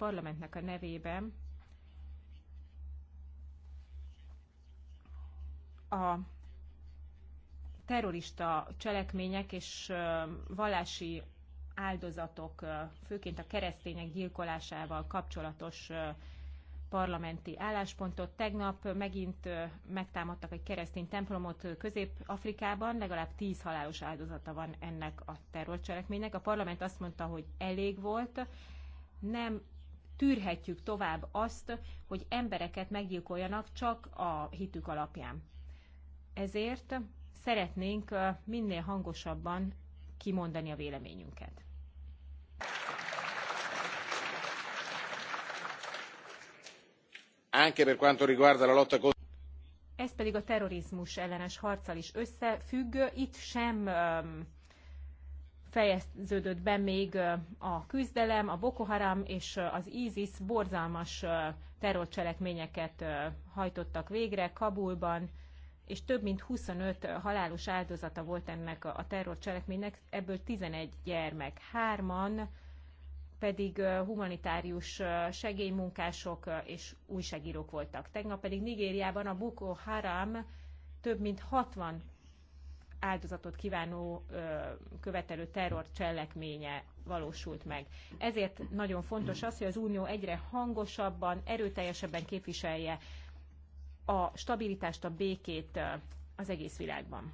parlamentnek a nevében a terrorista cselekmények és vallási áldozatok, főként a keresztények gyilkolásával kapcsolatos parlamenti álláspontot. Tegnap megint megtámadtak egy keresztény templomot Közép-Afrikában, legalább tíz halálos áldozata van ennek a terrorcselekménynek. A parlament azt mondta, hogy elég volt, nem tűrhetjük tovább azt, hogy embereket meggyilkoljanak csak a hitük alapján. Ezért szeretnénk minél hangosabban kimondani a véleményünket. Anche per quanto riguarda la lotta contro ez pedig a terrorizmus ellenes harccal is összefügg. Itt sem um, fejeződött be még a küzdelem, a Boko Haram és az ISIS borzalmas terrorcselekményeket hajtottak végre Kabulban, és több mint 25 halálos áldozata volt ennek a terrorcselekménynek, ebből 11 gyermek, hárman pedig humanitárius segélymunkások és újságírók voltak. Tegnap pedig Nigériában a Boko Haram több mint 60 áldozatot kívánó követelő terror cselekménye valósult meg. Ezért nagyon fontos az, hogy az Unió egyre hangosabban, erőteljesebben képviselje a stabilitást, a békét az egész világban.